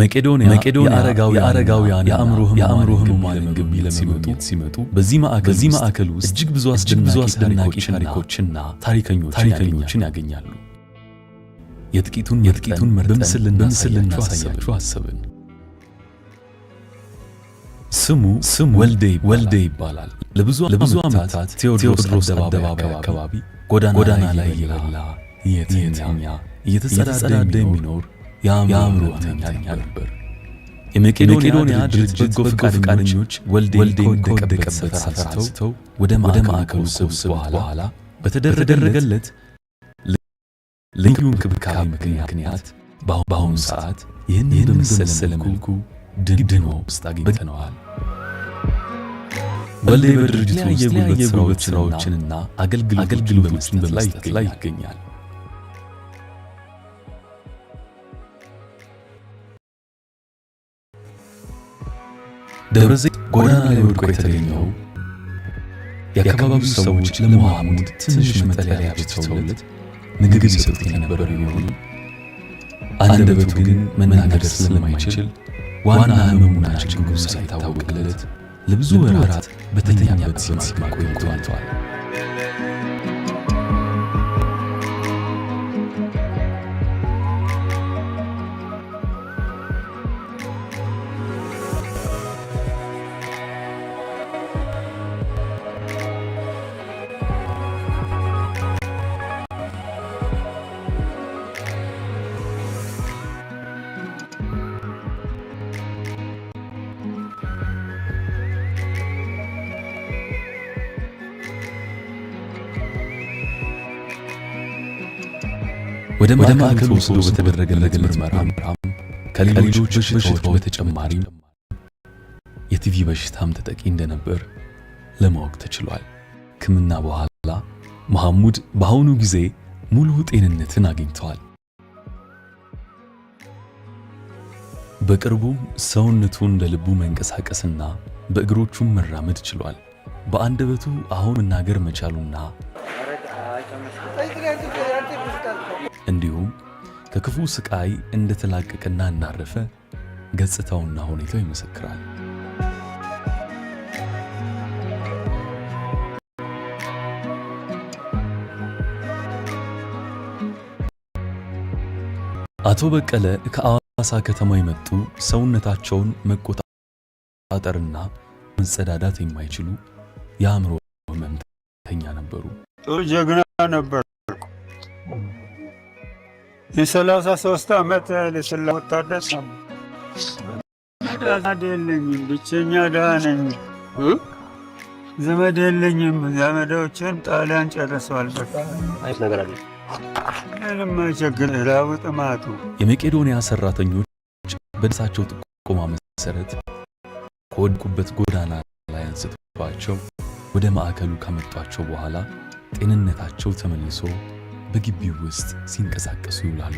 መቄዶንያ የአረጋውያን የአእምሮ ህሙማን ግቢ ለመጎብኘት ሲመጡ በዚህ ማዕከል ውስጥ እጅግ ብዙ አስደናቂ ታሪኮችና ታሪከኞችን ያገኛሉ። የጥቂቱን የጥቂቱን መርጠን በምስል ልናሳያችሁ አሰብን። ስሙ ስሙ ወልዴ ወልዴ ይባላል። ለብዙ ዓመታት ቴዎድሮስ አደባባይ አካባቢ ጎዳና ላይ እየበላ እየተኛ እየተጸዳዳ የሚኖር የአእምሮ ነበር። የመቄዶንያ ድርጅት በጎ ፈቃደኞች ወልዴን ከወደቀበት ሳስተው ወደ ማዕከሉ ስብስብ በኋላ በተደረገለት ልዩ እንክብካቤ ምክንያት በአሁኑ ሰዓት ይህን በመሰለ መልኩ ድንድኖ ውስጥ አግኝተነዋል። ወልዴ በድርጅቱ ውስጥ የጉልበት ስራዎችንና አገልግሎቶችን በመስጠት ላይ ይገኛል። ደብረ ዘይት ጎዳና ላይ ወድቆ የተገኘው የአካባቢው ሰዎች ለመሐሙድ ትንሽ መጠለያ አብጅተውለት ምግብ ይሰጡት የነበረ ቢሆንም አንደበቱ ግን መናገር ስለማይችል ዋና ህመሙና ችግሩ ሳይታወቅለት ለብዙ ወራት በተኛበት ሲማቅ ቆይቷል። ወደ ማዕከል ወስዶ በተደረገለት ምርመራ ከሌሎች በሽታዎች በተጨማሪም የቲቪ በሽታም ተጠቂ እንደነበር ለማወቅ ተችሏል። ሕክምና በኋላ መሐሙድ በአሁኑ ጊዜ ሙሉ ጤንነትን አግኝተዋል። በቅርቡ ሰውነቱ እንደ ልቡ መንቀሳቀስና በእግሮቹም መራመድ ችሏል። በአንደበቱ አሁን መናገር መቻሉና ከክፉ ስቃይ እንደተላቀቀና እናረፈ ገጽታውና ሁኔታው ይመሰክራል። አቶ በቀለ ከአዋሳ ከተማ የመጡ ሰውነታቸውን መቆጣጠርና መጸዳዳት የማይችሉ የአእምሮ ሕመምተኛ ነበሩ። ጥሩ ጀግና ነበር። የሰላሳ ሶስት ዓመት ለስላ ወታደር ዘመድ የለኝም፣ ብቸኛ ድሃ ነኝ። ዘመድ የለኝም። ዘመዶችን ጣሊያን ጨርሰዋል። በቃ ምንም አይቸግር ራቡ ጥማቱ የመቄዶንያ ሰራተኞች በደሳቸው ጥቆማ መሰረት ከወደቁበት ጎዳና ላይ አንስቷቸው ወደ ማዕከሉ ከመጧቸው በኋላ ጤንነታቸው ተመልሶ በግቢው ውስጥ ሲንቀሳቀሱ ይውላሉ።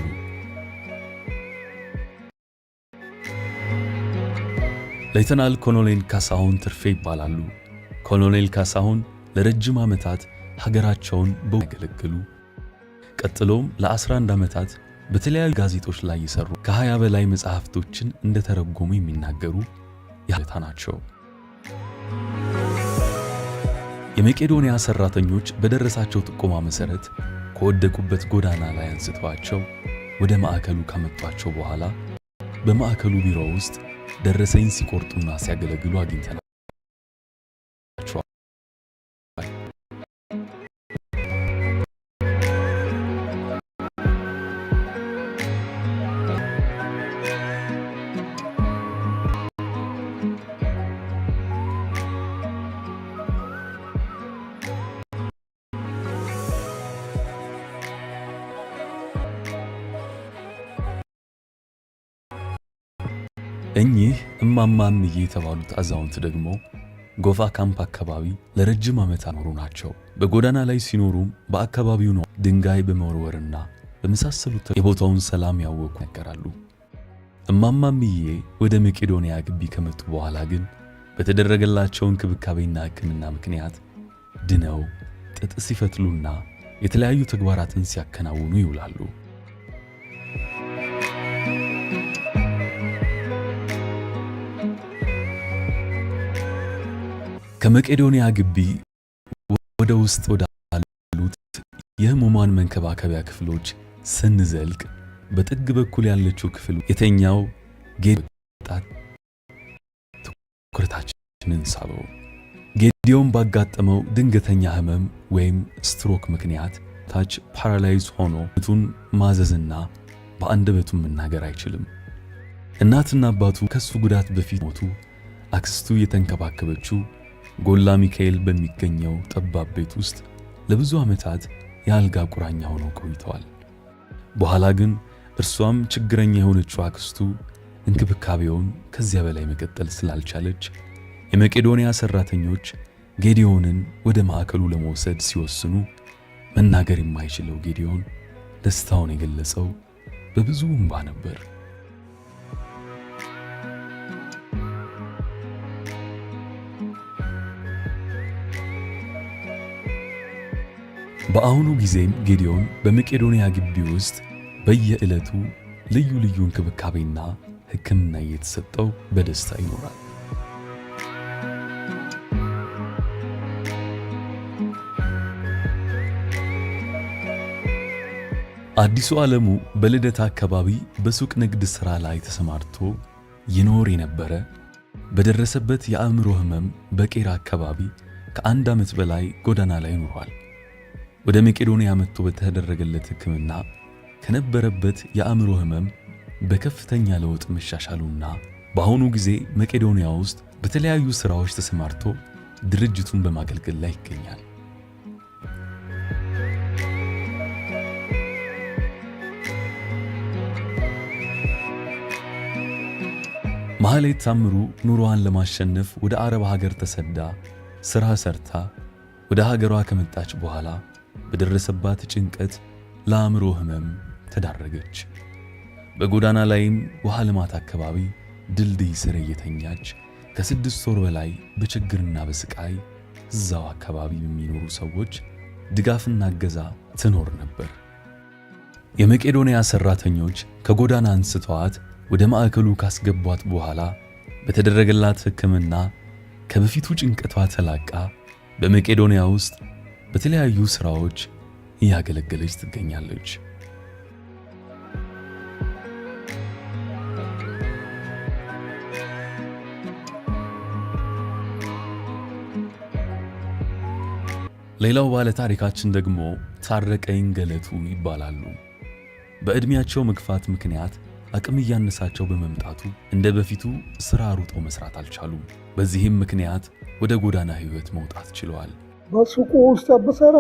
ሌተናል ኮሎኔል ካሳሁን ትርፌ ይባላሉ። ኮሎኔል ካሳሁን ለረጅም ዓመታት ሀገራቸውን በያገለግሉ ቀጥሎም ለ11 ዓመታት በተለያዩ ጋዜጦች ላይ የሰሩ ከ20 በላይ መጽሐፍቶችን እንደተረጎሙ የሚናገሩ ያለታ ናቸው። የመቄዶንያ ሰራተኞች በደረሳቸው ጥቆማ መሰረት ከወደቁበት ጎዳና ላይ አንስተዋቸው ወደ ማዕከሉ ካመጧቸው በኋላ በማዕከሉ ቢሮ ውስጥ ደረሰኝ ሲቆርጡና ሲያገለግሉ አግኝተናል። እኚህ እማማ የተባሉት አዛውንት ደግሞ ጎፋ ካምፕ አካባቢ ለረጅም ዓመት አኖሩ ናቸው። በጎዳና ላይ ሲኖሩም በአካባቢው ነው ድንጋይ በመወርወርና በመሳሰሉት የቦታውን ሰላም ያወቁ ይነገራሉ። እማማ እምዬ ወደ መቄዶንያ ግቢ ከመጡ በኋላ ግን በተደረገላቸው እንክብካቤና ሕክምና ምክንያት ድነው ጥጥ ሲፈትሉና የተለያዩ ተግባራትን ሲያከናውኑ ይውላሉ። ከመቄዶንያ ግቢ ወደ ውስጥ ወዳሉት የህሙማን መንከባከቢያ ክፍሎች ስንዘልቅ በጥግ በኩል ያለችው ክፍል የተኛው ጌዲዮን ወጣት ትኩረታችንን ሳበው። ጌዲዮን ባጋጠመው ድንገተኛ ህመም ወይም ስትሮክ ምክንያት ታች ፓራላይዝ ሆኖ ቱን ማዘዝና በአንደበቱ መናገር አይችልም። እናትና አባቱ ከሱ ጉዳት በፊት ሞቱ። አክስቱ እየተንከባከበችው ጎላ ሚካኤል በሚገኘው ጠባብ ቤት ውስጥ ለብዙ ዓመታት የአልጋ ቁራኛ ሆነው ቆይተዋል። በኋላ ግን እርሷም ችግረኛ የሆነችው አክስቱ እንክብካቤውን ከዚያ በላይ መቀጠል ስላልቻለች የመቄዶንያ ሰራተኞች ጌዲዮንን ወደ ማዕከሉ ለመውሰድ ሲወስኑ መናገር የማይችለው ጌዲዮን ደስታውን የገለጸው በብዙ እንባ ነበር። በአሁኑ ጊዜም ጌዲዮን በመቄዶንያ ግቢ ውስጥ በየዕለቱ ልዩ ልዩ እንክብካቤና ሕክምና እየተሰጠው በደስታ ይኖራል። አዲሱ ዓለሙ በልደት አካባቢ በሱቅ ንግድ ሥራ ላይ ተሰማርቶ ይኖር የነበረ በደረሰበት የአእምሮ ሕመም በቄራ አካባቢ ከአንድ ዓመት በላይ ጎዳና ላይ ኑሯል። ወደ መቄዶንያ መጥቶ በተደረገለት ሕክምና ከነበረበት የአእምሮ ህመም በከፍተኛ ለውጥ መሻሻሉና በአሁኑ ጊዜ መቄዶንያ ውስጥ በተለያዩ ሥራዎች ተሰማርቶ ድርጅቱን በማገልገል ላይ ይገኛል። ማህሌት ታምሩ ኑሮዋን ለማሸነፍ ወደ አረብ ሀገር ተሰዳ ሥራ ሰርታ ወደ ሀገሯ ከመጣች በኋላ በደረሰባት ጭንቀት ለአእምሮ ህመም ተዳረገች። በጎዳና ላይም ውሃ ልማት አካባቢ ድልድይ ስር እየተኛች ከስድስት ወር በላይ በችግርና በስቃይ እዛው አካባቢ የሚኖሩ ሰዎች ድጋፍና እገዛ ትኖር ነበር። የመቄዶንያ ሰራተኞች ከጎዳና አንስተዋት ወደ ማዕከሉ ካስገቧት በኋላ በተደረገላት ሕክምና ከበፊቱ ጭንቀቷ ተላቃ በመቄዶንያ ውስጥ በተለያዩ ስራዎች እያገለገለች ትገኛለች። ሌላው ባለ ታሪካችን ደግሞ ታረቀኝ ገለቱ ይባላሉ። በእድሜያቸው መግፋት ምክንያት አቅም እያነሳቸው በመምጣቱ እንደ በፊቱ ስራ ሩጠው መስራት አልቻሉም። በዚህም ምክንያት ወደ ጎዳና ህይወት መውጣት ችለዋል። በሱቁ ውስጥ ብሰራ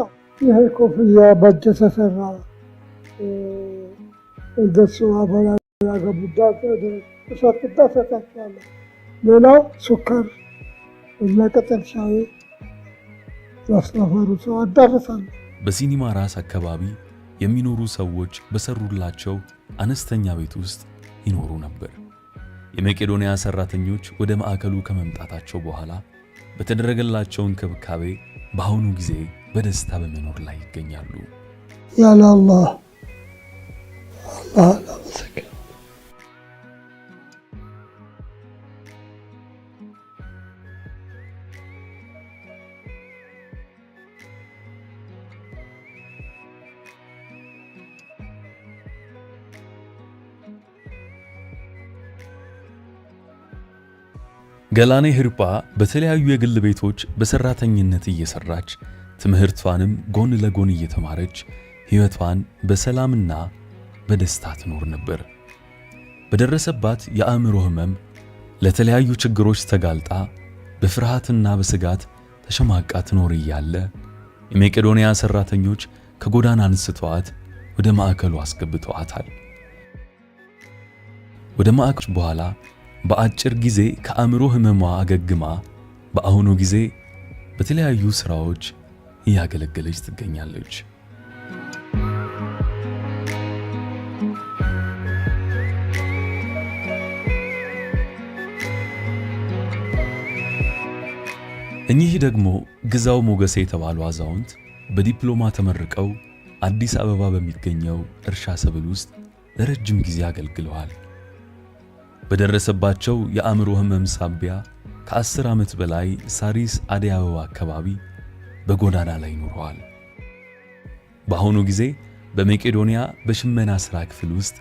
ይሄ ኮፍያ በእጅ ተሰራ እንደሱ አበላ ያገቡዳ እሰጥዳ ሌላው ሱከር እና ቅጠል ሻይ ያስተፈሩ ሰው አዳርሳለ። በሲኒማ ራስ አካባቢ የሚኖሩ ሰዎች በሰሩላቸው አነስተኛ ቤት ውስጥ ይኖሩ ነበር። የመቄዶንያ ሰራተኞች ወደ ማዕከሉ ከመምጣታቸው በኋላ በተደረገላቸው እንክብካቤ በአሁኑ ጊዜ በደስታ በመኖር ላይ ይገኛሉ። ያለ አላህ አላህ ገላኔ ህርፓ በተለያዩ የግል ቤቶች በሰራተኝነት እየሰራች ትምህርቷንም ጎን ለጎን እየተማረች ህይወቷን በሰላምና በደስታ ትኖር ነበር። በደረሰባት የአእምሮ ህመም ለተለያዩ ችግሮች ተጋልጣ በፍርሃትና በስጋት ተሸማቃ ትኖር እያለ የመቄዶንያ ሰራተኞች ከጎዳና አንስተዋት ወደ ማዕከሉ አስገብተዋታል። ወደ ማዕከሉ በኋላ በአጭር ጊዜ ከአእምሮ ህመሟ አገግማ በአሁኑ ጊዜ በተለያዩ ስራዎች እያገለገለች ትገኛለች። እኚህ ደግሞ ግዛው ሞገሴ የተባሉ አዛውንት በዲፕሎማ ተመርቀው አዲስ አበባ በሚገኘው እርሻ ሰብል ውስጥ ለረጅም ጊዜ አገልግለዋል። በደረሰባቸው የአእምሮ ህመም ሳቢያ ከአስር ዓመት በላይ ሳሪስ አደይ አበባ አካባቢ በጎዳና ላይ ኑረዋል። በአሁኑ ጊዜ በመቄዶንያ በሽመና ሥራ ክፍል ውስጥ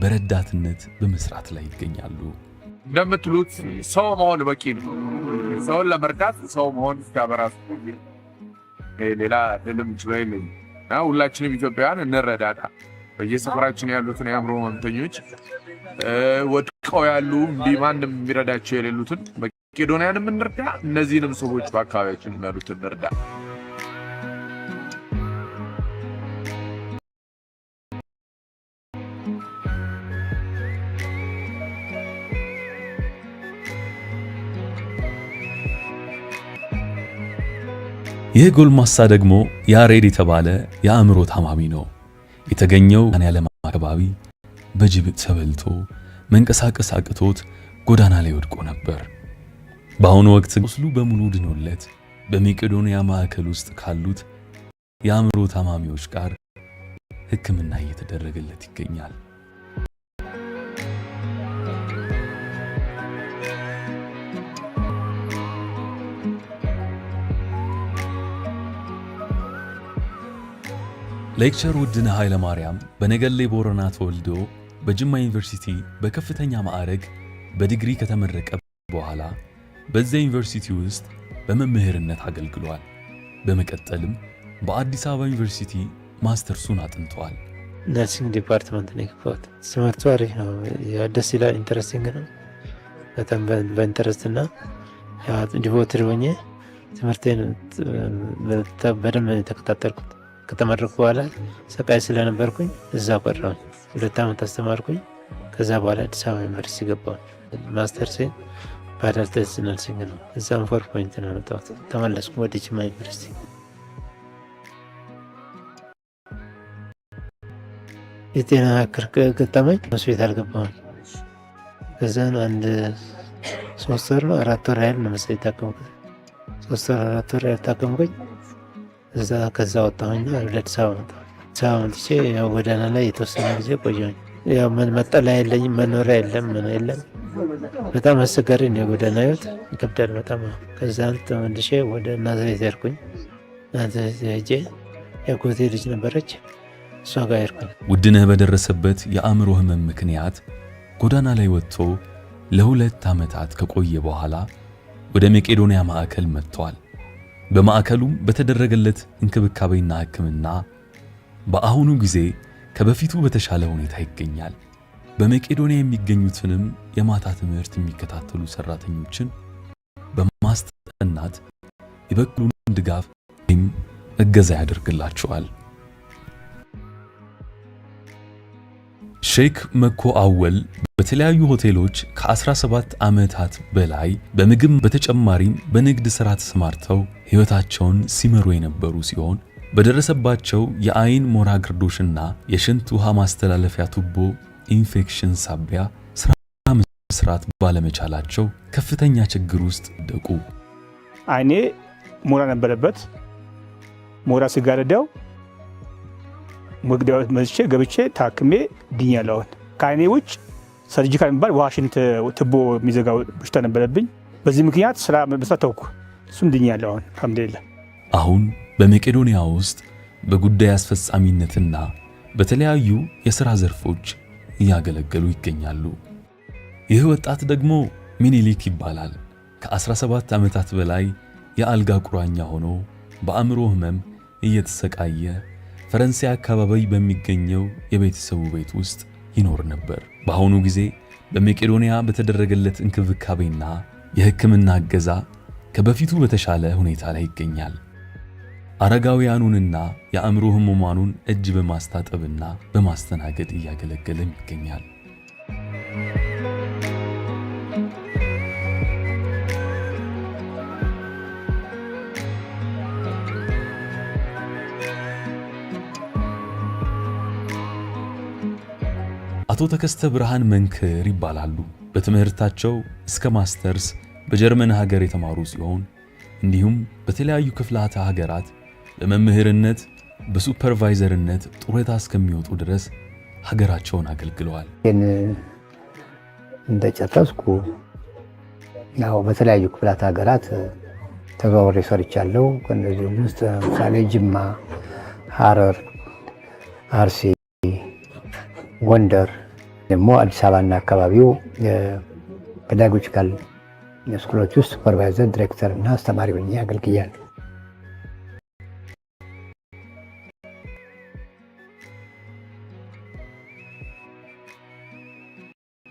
በረዳትነት በመስራት ላይ ይገኛሉ። እንደምትሉት ሰው መሆን በቂ ነው። ሰውን ለመርዳት ሰው መሆን እስካበራሱ ሌላ ልምድ ወይም ሁላችንም ኢትዮጵያውያን እንረዳዳ በየሰፈራችን ያሉትን የአእምሮ ህመምተኞች ወድ ቀው ያሉ እንዲህ ማንም የሚረዳቸው የሌሉትን መቄዶንያንም እንርዳ፣ እነዚህንም ሰዎች በአካባቢያችን ያሉት እንርዳ። ይህ ጎልማሳ ደግሞ ያሬድ የተባለ የአእምሮ ታማሚ ነው። የተገኘው ያለማ አካባቢ በጅብ ተበልቶ መንቀሳቀስ አቅቶት ጎዳና ላይ ወድቆ ነበር። በአሁኑ ወቅት ቁስሉ በሙሉ ድኖለት በመቄዶንያ ማዕከል ውስጥ ካሉት የአእምሮ ታማሚዎች ጋር ሕክምና እየተደረገለት ይገኛል። ሌክቸር ውድነህ ኃይለማርያም በነገሌ ቦረና ተወልዶ በጅማ ዩኒቨርሲቲ በከፍተኛ ማዕረግ በዲግሪ ከተመረቀ በኋላ በዚያ ዩኒቨርሲቲ ውስጥ በመምህርነት አገልግሏል። በመቀጠልም በአዲስ አበባ ዩኒቨርሲቲ ማስተርሱን አጥንተዋል። ነርሲንግ ዲፓርትመንት ነው የገባሁት። ትምህርቱ አሪፍ ነው፣ ደስ ይላል፣ ኢንተረስቲንግ ነው በጣም በኢንተረስት እና ዲቮትድ ሆኜ ትምህርቴን በደንብ የተከታተልኩት። ከተመረኩ በኋላ ሰቃይ ስለነበርኩኝ እዛ ቆረውኝ። ሁለት ዓመት አስተማርኩኝ። ከዛ በኋላ አዲስ አበባ ዩኒቨርሲቲ ገባሁ። ማስተርሴን በአዳልተስ ነርሲንግ ነው። እዛም ፎር ፖይንት ነው ያመጣሁት። ተመለስኩ ወደ ጅማ ዩኒቨርሲቲ። የጤና እክል ገጠመኝ ሆስፒታል ገባሁኝ። ከዛን አንድ ሶስት ወር ነው አራት ወር ያህል ነው መሰለኝ የታከምኩት። ሶስት ወር አራት ወር ያህል ታከምኩኝ። እዛ ከዛ ወጣሁኝ ወደ አዲስ አበባ መጣሁ። ስራ መልቼ ያው ጎዳና ላይ የተወሰነ ጊዜ ቆየሁኝ። ያው ምን መጠለያ የለኝም፣ መኖሪያ የለም፣ ምን የለም። በጣም አስቸጋሪ ነው የጎዳና ህይወት፣ ይከብዳል በጣም። ከዛ ተመልሼ ወደ ናዝሬት ሄድኩኝ። ናዝሬት ሄጄ የጎቴ ልጅ ነበረች፣ እሷ ጋር ሄድኩኝ። ውድነህ በደረሰበት የአእምሮ ህመም ምክንያት ጎዳና ላይ ወጥቶ ለሁለት ዓመታት ከቆየ በኋላ ወደ መቄዶንያ ማዕከል መጥቷል። በማዕከሉም በተደረገለት እንክብካቤና ሕክምና በአሁኑ ጊዜ ከበፊቱ በተሻለ ሁኔታ ይገኛል። በመቄዶንያ የሚገኙትንም የማታ ትምህርት የሚከታተሉ ሰራተኞችን በማስጠናት የበኩሉን ድጋፍ ወይም እገዛ ያደርግላቸዋል። ሼክ መኮ አወል በተለያዩ ሆቴሎች ከ17 ዓመታት በላይ በምግብ በተጨማሪም በንግድ ሥራ ተሰማርተው ሕይወታቸውን ሲመሩ የነበሩ ሲሆን በደረሰባቸው የአይን ሞራ ግርዶሽና የሽንት ውሃ ማስተላለፊያ ቱቦ ኢንፌክሽን ሳቢያ ስራ መስራት ባለመቻላቸው ከፍተኛ ችግር ውስጥ ደቁ። አይኔ ሞራ ነበረበት። ሞራ ሲጋረደው መግደያ መዝቼ ገብቼ ታክሜ ድኛለሁን። ከአይኔ ውጭ ሰርጂካል የሚባል ውሃ ሽንት ቱቦ የሚዘጋው በሽታ ነበረብኝ። በዚህ ምክንያት ስራ መስራት ተውኩ። እሱም ድኛለሁን። አልሐምዱሊላህ አሁን በመቄዶንያ ውስጥ በጉዳይ አስፈጻሚነትና በተለያዩ የሥራ ዘርፎች እያገለገሉ ይገኛሉ። ይህ ወጣት ደግሞ ሚኒሊክ ይባላል። ከ17 ዓመታት በላይ የአልጋ ቁራኛ ሆኖ በአእምሮ ሕመም እየተሰቃየ ፈረንሳይ አካባቢ በሚገኘው የቤተሰቡ ቤት ውስጥ ይኖር ነበር። በአሁኑ ጊዜ በመቄዶንያ በተደረገለት እንክብካቤና የሕክምና እገዛ ከበፊቱ በተሻለ ሁኔታ ላይ ይገኛል። አረጋውያኑንና የአእምሮ ሕሙማኑን እጅ በማስታጠብና በማስተናገድ እያገለገለም ይገኛል። አቶ ተከስተ ብርሃን መንክር ይባላሉ። በትምህርታቸው እስከ ማስተርስ በጀርመን ሀገር የተማሩ ሲሆን እንዲሁም በተለያዩ ክፍላተ ሀገራት በመምህርነት በሱፐርቫይዘርነት ጡረታ እስከሚወጡ ድረስ ሀገራቸውን አገልግለዋል። ግን እንደጨረስኩ ያው በተለያዩ ክፍላት ሀገራት ተዘዋውሬ ሰርቻለሁ። ከእነዚህም ውስጥ ምሳሌ ጅማ፣ ሐረር፣ አርሲ፣ ጎንደር ደግሞ አዲስ አበባና አካባቢው ፔዳጎጂካል ስኩሎች ውስጥ ሱፐርቫይዘር፣ ዲሬክተር እና አስተማሪ ሆኜ አገልግያለሁ።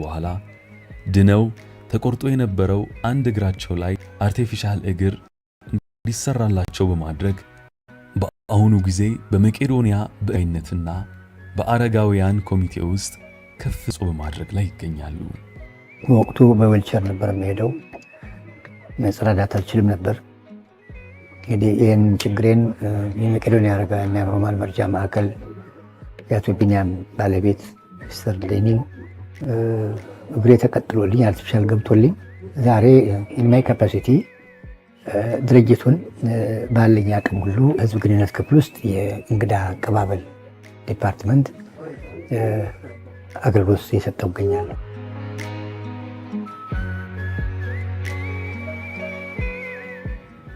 በኋላ ድነው ተቆርጦ የነበረው አንድ እግራቸው ላይ አርቴፊሻል እግር እንዲሰራላቸው በማድረግ በአሁኑ ጊዜ በመቄዶንያ በአይነትና በአረጋውያን ኮሚቴ ውስጥ ከፍ ጽ በማድረግ ላይ ይገኛሉ። በወቅቱ በዌልቸር ነበር የሚሄደው፣ መጸዳዳት አልችልም ነበር። እንግዲህ ይህን ችግሬን የመቄዶንያ አረጋውያን የሆማን መርጃ ማዕከል የአቶ ቢኒያም ባለቤት ሚስተር ሌኒን እግሬ ተቀጥሎልኝ አርቲፊሻል ገብቶልኝ ዛሬ ኢንማይ ካፓሲቲ ድርጅቱን ባለኝ አቅም ሁሉ ህዝብ ግንኙነት ክፍል ውስጥ የእንግዳ አቀባበል ዲፓርትመንት አገልግሎት የሰጠው እገኛለሁ።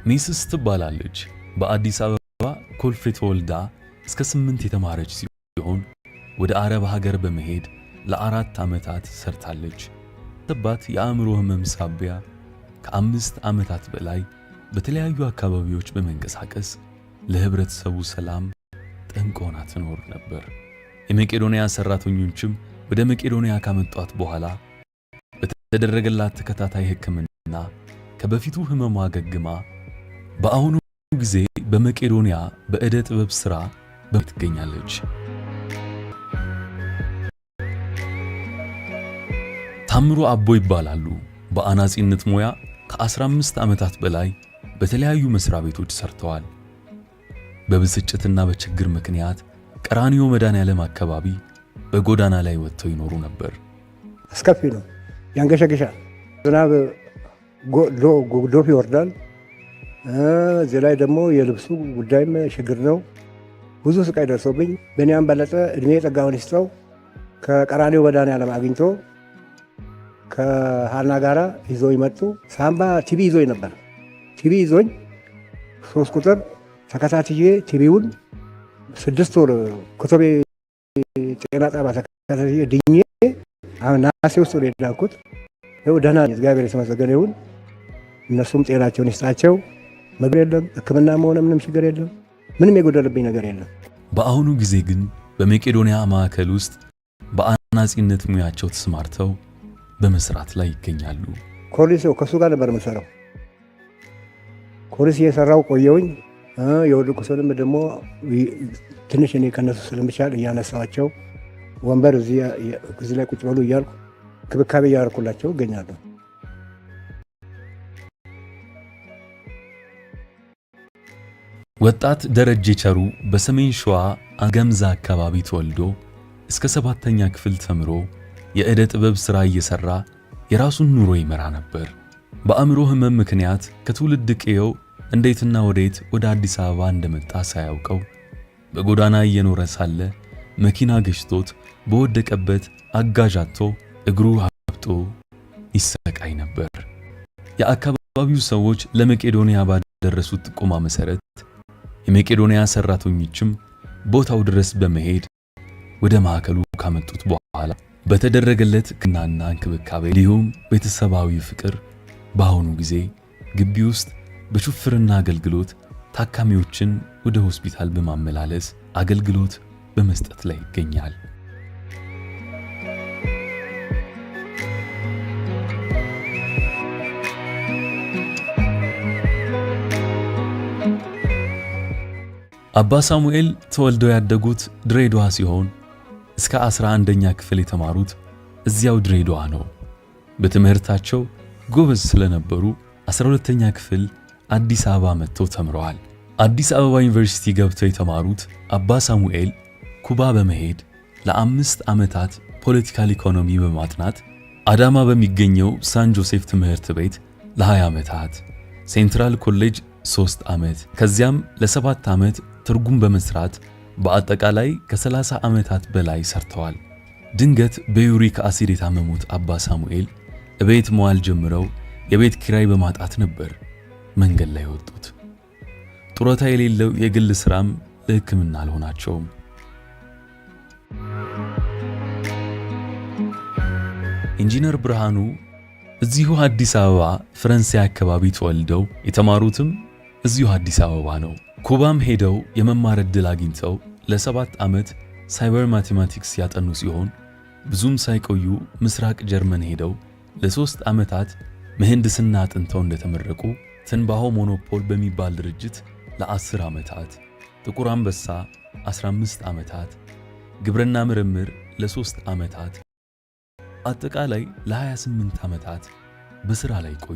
ሚስስ ትባላለች። በአዲስ አበባ ኮልፌ ተወልዳ እስከ ስምንት የተማረች ሲሆን ወደ አረብ ሀገር በመሄድ ለአራት ዓመታት ሰርታለች። ተባት የአእምሮ ህመም ሳቢያ ከአምስት ዓመታት በላይ በተለያዩ አካባቢዎች በመንቀሳቀስ ለህብረተሰቡ ሰላም ጠንቅ ሆና ትኖር ነበር። የመቄዶንያ ሰራተኞችም ወደ መቄዶንያ ካመጧት በኋላ በተደረገላት ተከታታይ ሕክምና ከበፊቱ ህመሟ ገግማ በአሁኑ ጊዜ በመቄዶንያ በእደ ጥበብ ሥራ በትገኛለች። ታምሩ አቦ ይባላሉ። በአናጺነት ሙያ ከ15 ዓመታት በላይ በተለያዩ መስሪያ ቤቶች ሰርተዋል። በብስጭትና በችግር ምክንያት ቀራኒዮ መድኃኔዓለም አካባቢ በጎዳና ላይ ወጥተው ይኖሩ ነበር። አስከፊ ነው፣ ያንገሸግሻል። ዝናብ ዶፍ ይወርዳል። እዚህ ላይ ደግሞ የልብሱ ጉዳይም ችግር ነው። ብዙ ስቃይ ደርሶብኝ በእኔ በለጠ እድሜ ጸጋውን ይስጠው ከቀራኒዮ መድኃኔዓለም አግኝቶ ከሀና ጋራ ይዞኝ መጡ። ሳምባ ቲቪ ይዞኝ ነበር። ቲቪ ይዞኝ ሶስት ቁጥር ተከታትዬ ቲቪውን ስድስት ወር ኮተቤ ጤና ጣቢያ ተከታትዬ ድኜ ናሴ ውስጥ ነው የዳንኩት። ደህና እግዚአብሔር የተመሰገነ ይሁን። እነሱም ጤናቸውን ይስጣቸው። ምግብ የለም ህክምና ሆነ ምንም ችግር የለም። ምንም የጎደለብኝ ነገር የለም። በአሁኑ ጊዜ ግን በመቄዶንያ ማዕከል ውስጥ በአናጺነት ሙያቸው ተሰማርተው በመስራት ላይ ይገኛሉ። ኮሊስ ከሱ ጋር ነበር የምሰራው። ኮሊስ እየሰራው ቆየውኝ። የወደቁ ሰውንም ደግሞ ትንሽ እኔ ከነሱ ስለምቻል እያነሳቸው ወንበር እዚህ ላይ ቁጭ በሉ እያልኩ ክብካቤ እያደረኩላቸው ይገኛሉ። ወጣት ደረጀ ቸሩ በሰሜን ሸዋ ገምዛ አካባቢ ተወልዶ እስከ ሰባተኛ ክፍል ተምሮ የዕደ ጥበብ ሥራ እየሠራ የራሱን ኑሮ ይመራ ነበር። በአእምሮ ሕመም ምክንያት ከትውልድ ቀየው እንዴትና ወዴት ወደ አዲስ አበባ እንደመጣ ሳያውቀው በጎዳና እየኖረ ሳለ መኪና ገጭቶት በወደቀበት አጋዥ አጥቶ እግሩ አብጦ ይሰቃይ ነበር። የአካባቢው ሰዎች ለመቄዶንያ ባደረሱት ጥቆማ መሠረት የመቄዶንያ ሠራተኞችም ቦታው ድረስ በመሄድ ወደ ማዕከሉ ካመጡት በኋላ በተደረገለት ክናና እንክብካቤ እንዲሁም ቤተሰባዊ ፍቅር በአሁኑ ጊዜ ግቢ ውስጥ በሹፍርና አገልግሎት ታካሚዎችን ወደ ሆስፒታል በማመላለስ አገልግሎት በመስጠት ላይ ይገኛል። አባ ሳሙኤል ተወልደው ያደጉት ድሬዳዋ ሲሆን እስከ አስራ አንደኛ ክፍል የተማሩት እዚያው ድሬዳዋ ነው። በትምህርታቸው ጎበዝ ስለነበሩ 12 ሁለተኛ ክፍል አዲስ አበባ መጥተው ተምረዋል። አዲስ አበባ ዩኒቨርሲቲ ገብተው የተማሩት አባ ሳሙኤል ኩባ በመሄድ ለአምስት ዓመታት ፖለቲካል ኢኮኖሚ በማጥናት አዳማ በሚገኘው ሳን ጆሴፍ ትምህርት ቤት ለ20 ዓመታት፣ ሴንትራል ኮሌጅ 3 ዓመት፣ ከዚያም ለ7 ዓመት ትርጉም በመስራት በአጠቃላይ ከ30 ዓመታት በላይ ሰርተዋል። ድንገት በዩሪክ አሲድ የታመሙት አባ ሳሙኤል እቤት መዋል ጀምረው የቤት ኪራይ በማጣት ነበር መንገድ ላይ ወጡት። ጡረታ የሌለው የግል ሥራም ለሕክምና አልሆናቸውም። ኢንጂነር ብርሃኑ እዚሁ አዲስ አበባ ፈረንሳይ አካባቢ ተወልደው የተማሩትም እዚሁ አዲስ አበባ ነው። ኩባም ሄደው የመማር ዕድል አግኝተው ለሰባት ዓመት ሳይበር ማቴማቲክስ ያጠኑ ሲሆን ብዙም ሳይቆዩ ምስራቅ ጀርመን ሄደው ለሦስት ዓመታት ምህንድስና አጥንተው እንደተመረቁ ትንባሆ ሞኖፖል በሚባል ድርጅት ለ10 ዓመታት፣ ጥቁር አንበሳ 15 ዓመታት፣ ግብርና ምርምር ለ3 ዓመታት፣ አጠቃላይ ለ28 ዓመታት በሥራ ላይ ቆዩ።